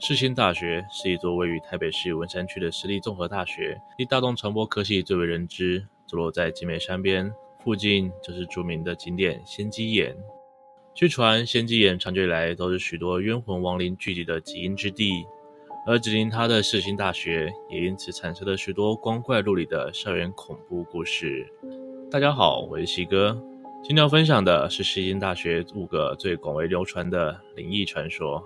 世新大學是一座位於台北市文山區的私立綜合大學，以大眾傳播科系最為人知。坐落在景美山邊，附近就是著名的景點仙跡岩。據傳，仙跡岩長久以來都是許多冤魂亡靈聚集的極陰之地，而毗鄰它的世新大學也因此產生了許多光怪陸離的校園恐怖故事。大家好，我是西哥，今天要分享的是世新大學五個最廣為流傳的靈異傳說。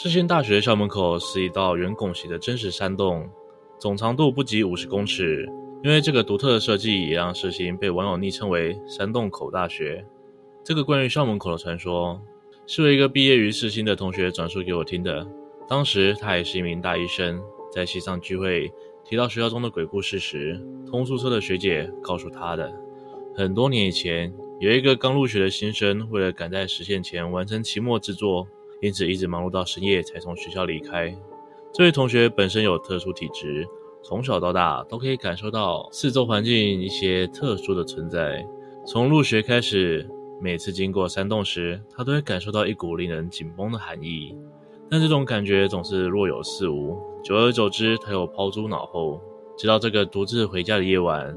世新大學校門口是一道圓拱形的真實山洞，總長度不及五十公尺。因為這個獨特的設計，也讓世新被網友昵稱為“山洞口大學”。這個關於校門口的傳說，是我一個畢業於世新的同學轉述給我聽的。當時他也是一名大一生，在系上聚會提到學校中的鬼故事時，同宿舍的學姐告訴他的。很多年以前，有一個剛入學的新生，為了趕在時限前完成期末製作。因此一直忙碌到深夜才從學校離開。這位同學本身有特殊體質，從小到大都可以感受到四周環境一些特殊的存在。從入學開始，每次經過山洞時，他都會感受到一股令人緊繃的寒意，但這種感覺總是若有似無。久而久之，他又拋諸腦後。直到這個獨自回家的夜晚，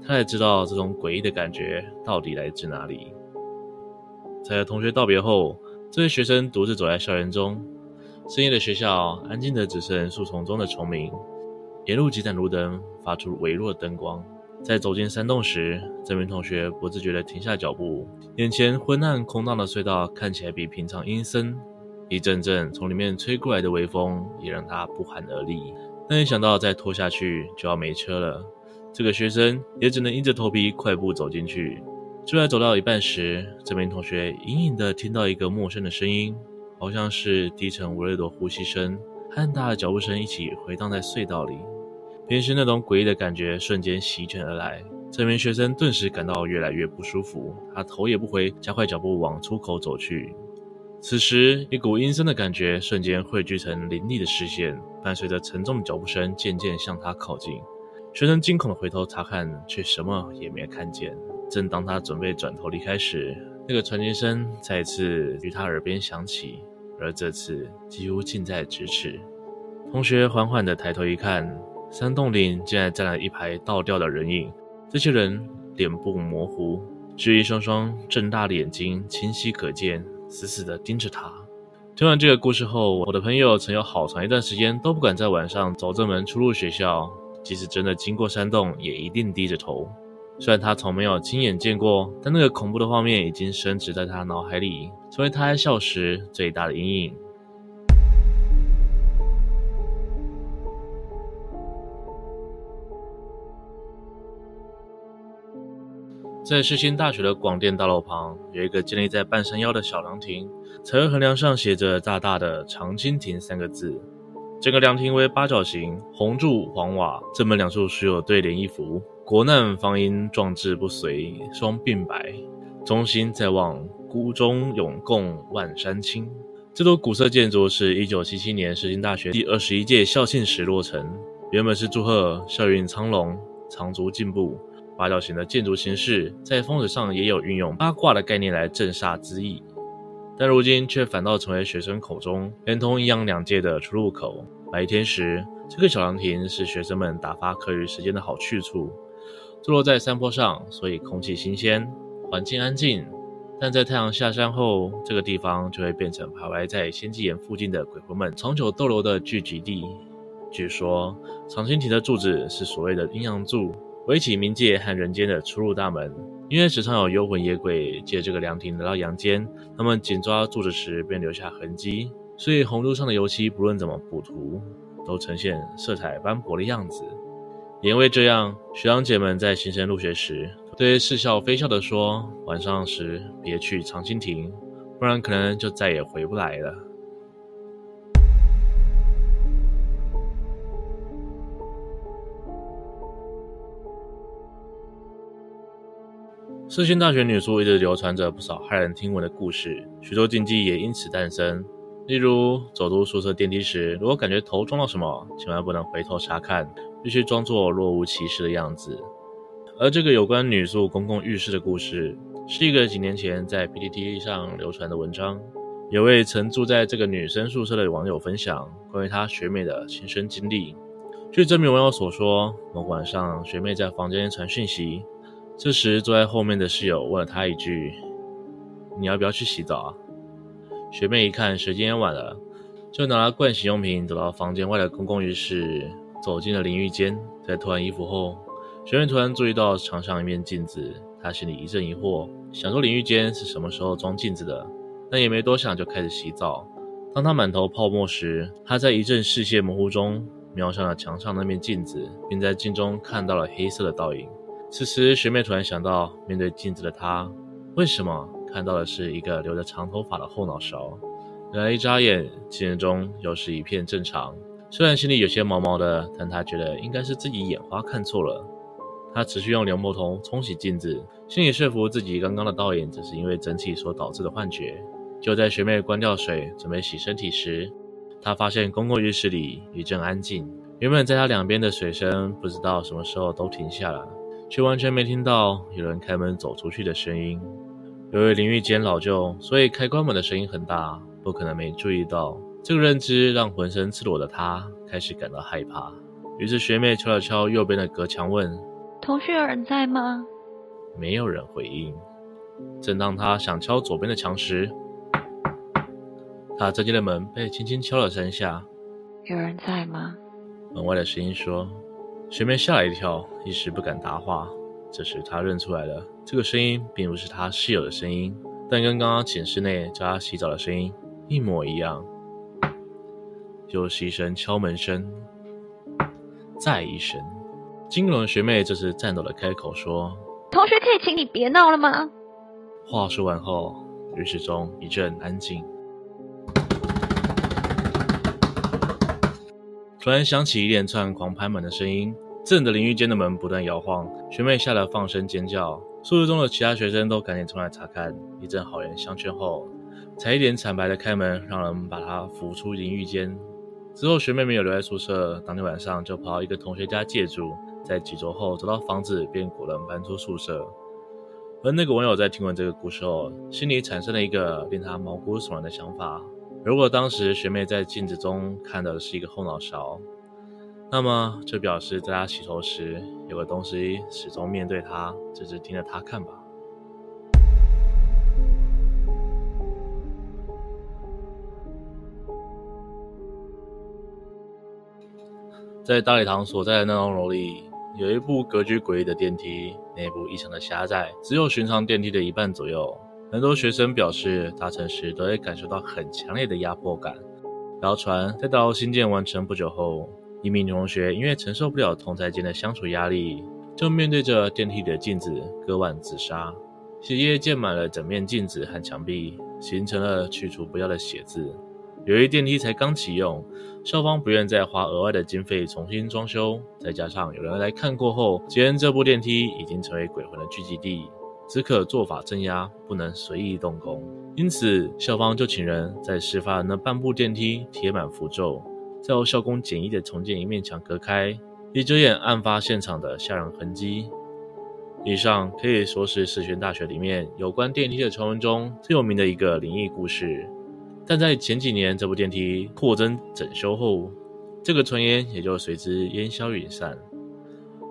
他才知道這種詭異的感覺到底來自哪裡。在和同學道別後，這位學生獨自走在校園中，深夜的學校安靜得只剩樹叢中的蟲鳴。沿路幾盞路燈發出微弱的燈光，在走進山洞時，這名同學不自覺地停下腳步。眼前昏暗空蕩的隧道看起來比平常陰森，一陣陣從裡面吹過來的微風也讓他不寒而慄。但一想到再拖下去就要沒車了，這個學生也只能硬着頭皮快步走進去。就在走到一半時，這名同學隱隱地聽到一個陌生的聲音，好像是低沉無力的呼吸聲，和他的腳步聲一起回盪在隧道裡。平時，那種詭異的感覺瞬間席捲而來，這名學生頓時感到越來越不舒服。他頭也不回，加快腳步往出口走去。此時，一股陰森的感覺瞬間匯聚成凌厲的視線，伴隨着沉重的腳步聲，漸漸向他靠近。學生驚恐地回頭查看，卻什麼也沒看見。正當他準備轉頭離開時，那個傳笛聲再一次於他耳邊響起，而這次幾乎近在咫尺。同學緩緩地抬頭一看，山洞裡竟然站了一排倒吊的人影，這些人臉部模糊，只有一雙雙睜大的眼睛清晰可見，死死地盯着他。聽完這個故事後，我的朋友曾有好長一段時間都不敢在晚上走正門出入學校，即使真的經過山洞，也一定低着頭。雖然他從沒有親眼見過，但那個恐怖的畫面已經深植在他腦海裡，成為他在校時最大的陰影。在世新大學的廣電大樓旁，有一個建立在半山腰的小涼亭，彩繪橫樑上寫着大大的“長青亭”三個字。整個涼亭為八角形，紅柱黃瓦，正門兩處設有對聯一幅。國難方殷壯志不隨雙鬢白，忠心在望孤忠永共萬山青。這座古色建築是1977年世新大學第二十一屆校慶時落成，原本是祝賀校運昌隆長足進步。八角形的建築形式在風水上也有運用八卦的概念來鎮煞之意，但如今卻反倒成為學生口中連通陰陽兩界的出入口。白天時，這個小涼亭是學生們打發課餘時間的好去處。坐落在山坡上，所以空氣新鮮，環境安靜。但在太陽下山後，這個地方就會變成徘徊在仙跡岩附近的鬼魂們長久逗留的聚集地。據說長青亭的柱子是所謂的陰陽柱，圍起冥界和人間的出入大門。因為時常有幽魂野鬼借這個涼亭來到陽間，他們緊抓柱子時便留下痕跡，所以紅柱上的油漆不論怎麼補塗，都呈現色彩斑駁的樣子。也因為這樣，學長姐們在新生入學時，對於似笑非笑的說：“晚上時別去長青亭，不然可能就再也回不來了。”世新大學女宿一直流傳着不少駭人聽聞的故事，許多禁忌也因此誕生。例如，走出宿舍電梯時，如果感覺頭撞到什麼，千萬不能回頭查看。必須裝作若無其事的樣子。而這個有關女宿公共浴室的故事，是一個幾年前在 PTT 上流傳的文章。有位曾住在這個女生宿舍的網友分享關於她學妹的親身經歷。據這名網友所說，某晚上學妹在房間傳訊息，這時坐在後面的室友問了她一句：“你要不要去洗澡啊？”學妹一看時間也晚了，就拿了盥洗用品走到房間外的公共浴室。走進了淋浴間，在脫完衣服後，學妹突然注意到牆上一面鏡子，她心裡一陣疑惑，想說淋浴間是什麼時候裝鏡子的，但也沒多想就開始洗澡。當她滿頭泡沫時，她在一陣視線模糊中瞄上了牆上那面鏡子，並在鏡中看到了黑色的倒影。此時，學妹突然想到，面對鏡子的她，為什麼看到的是一個留着長頭髮的後腦勺？然而一眨眼，鏡中又是一片正常。雖然心裡有些毛毛的，但他覺得應該是自己眼花看錯了。他持續用蓮蓬頭沖洗鏡子，心裡說服自己剛剛的倒影只是因為蒸氣所導致的幻覺。就在學妹關掉水準備洗身體時，他發現公共浴室裡一陣安靜，原本在他兩邊的水聲不知道什麼時候都停下了，卻完全沒聽到有人開門走出去的聲音。由於淋浴間老舊，所以開關門的聲音很大，不可能沒注意到。這個認知讓渾身赤裸的他開始感到害怕，於是學妹敲了敲右邊的隔牆，問：“同學有人在嗎？”沒有人回應。正當他想敲左邊的牆時，他房間的門被輕輕敲了三下：“有人在嗎？”門外的聲音說。學妹嚇了一跳，一時不敢答話。這時他認出來了，這個聲音並不是他室友的聲音，但跟剛剛寢室內叫他洗澡的聲音一模一樣。又是一聲敲門聲，再一聲，金龍學妹這次顫抖的開口說：“同學，可以請你別鬧了嗎？”話說完後，浴室中一陣安靜。突然響起一連串狂拍門的聲音，震得淋浴間的門不斷搖晃，學妹嚇得放聲尖叫。宿舍中的其他學生都趕緊出來查看，一陣好言相勸後，才一臉慘白的開門，讓人把她扶出淋浴間。之後，學妹沒有留在宿舍，當天晚上就跑到一個同學家借住。在幾周後，找到房子便果斷搬出宿舍。而那個網友在聽完這個故事後，心裡產生了一個令他毛骨悚然的想法：如果當時學妹在鏡子中看到的是一個後腦勺，那麼就表示在她洗頭時，有個東西始終面對她，只是盯着她看吧。在大禮堂所在的那棟樓裡，有一部格局詭異的電梯，內部異常的狹窄，只有尋常電梯的一半左右。很多學生表示，搭乘時都會感受到很強烈的壓迫感。謠傳，在大樓新建完成不久後，一名女同學因為承受不了同儕間的相處壓力，就面對着電梯裡的鏡子割腕自殺，血液濺滿了整面鏡子和牆壁，形成了去除不掉的血漬。由於電梯才剛啟用，校方不願再花額外的經費重新裝修，再加上有人來看過後，既然這部電梯已經成為鬼魂的聚集地，只可做法鎮壓，不能隨意動工。因此，校方就請人在事發的那半部電梯貼滿符咒，再由校工簡易地重建一面牆隔開，以遮掩案發現場的嚇人痕跡。以上可以說是世新大學裡面有關電梯的傳聞中最有名的一個靈異故事。但在前幾年，這部電梯擴增整修後，這個傳言也就隨之煙消雲散。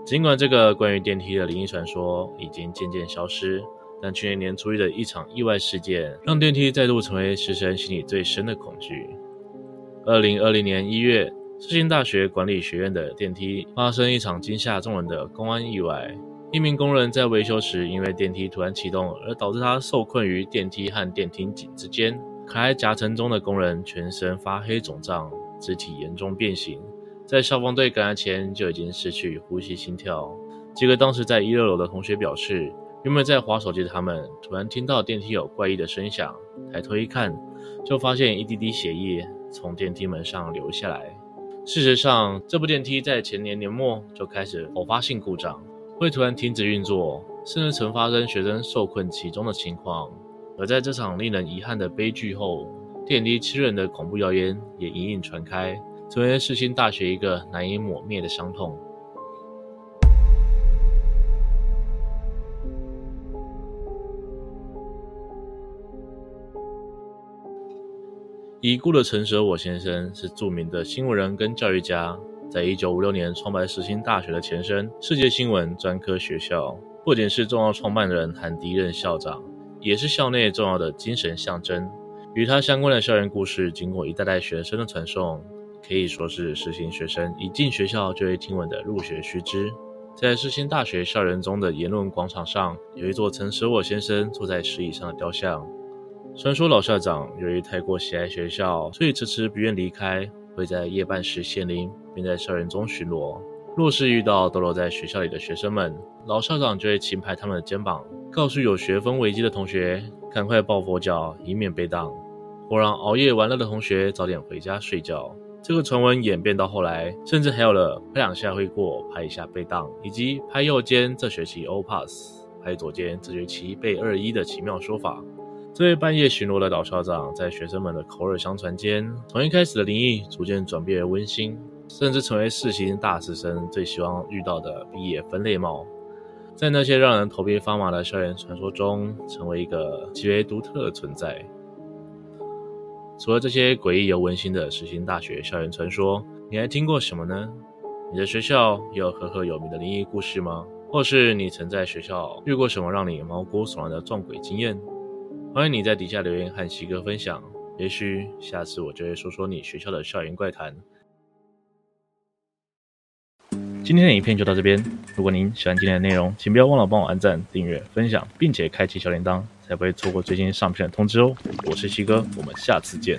儘管這個關於電梯的靈異傳說已經漸漸消失，但去年年初一的一場意外事件，讓電梯再度成為師生心裡最深的恐懼。二零二零年一月，世新大學管理學院的電梯發生一場驚嚇眾人的公安意外，一名工人在維修時，因為電梯突然啟動，而導致他受困於電梯和電梯井之間。卡在夾層中的工人全身發黑、腫脹，肢體嚴重變形，在消防隊趕來前就已經失去呼吸、心跳。結果當時在16樓的同學表示，原本在滑手機的他們突然聽到電梯有怪異的聲響，抬頭一看，就發現一滴滴血液從電梯門上流下來。事實上，這部電梯在前年年末就開始偶發性故障，會突然停止運作，甚至曾發生學生受困其中的情況。而在這場令人遺憾的悲劇後，電梯吃人的恐怖謠言也隱隱傳開，成為世新大學一個難以抹滅的傷痛。已故的陳舍我先生是著名的新聞人跟教育家，在一九五六年創辦世新大學的前身世界新聞專科學校，不僅是重要創辦人，還第一任校長。也是校內重要的精神象徵，與他相關的校園故事，經過一代代學生的傳頌，可以說是世新學生一進學校就會聽聞的入學須知。在世新大學校園中的言論廣場上，有一座成舍我先生坐在石椅上的雕像。傳說老校長由於太過喜愛學校，所以遲遲不願離開，會在夜半時顯靈，並在校園中巡邏。若是遇到逗留在學校裡的學生們，老校長就會輕拍他們的肩膀。告訴有學分危機的同學趕快抱佛腳，以免被當；或讓熬夜玩樂的同學早點回家睡覺。這個傳聞演變到後來，甚至還有了拍兩下會過，拍一下被當，以及拍右肩這學期 all pass，拍左肩這學期被二一的奇妙說法。這位半夜巡邏的老校長，在學生們的口耳相傳間，從一開始的靈異，逐漸轉變為溫馨，甚至成為世新大四生最希望遇到的畢業分類帽。在那些讓人頭皮發麻的校園傳說中，成為一個極為獨特的存在。除了這些詭異又溫馨的世新大學校園傳說，你還聽過什麼呢？你的學校也有赫赫有名的靈異故事嗎？或是你曾在學校遇過什麼讓你毛骨悚然的撞鬼經驗？歡迎你在底下留言和西哥分享，也許下次我就會說說你學校的校園怪談。今天的影片就到這邊。如果您喜歡今天的內容，請不要忘了幫我按讚、訂閱、分享，並且開啟小鈴鐺，才不會錯過最新上片的通知哦。我是希哥，我們下次見。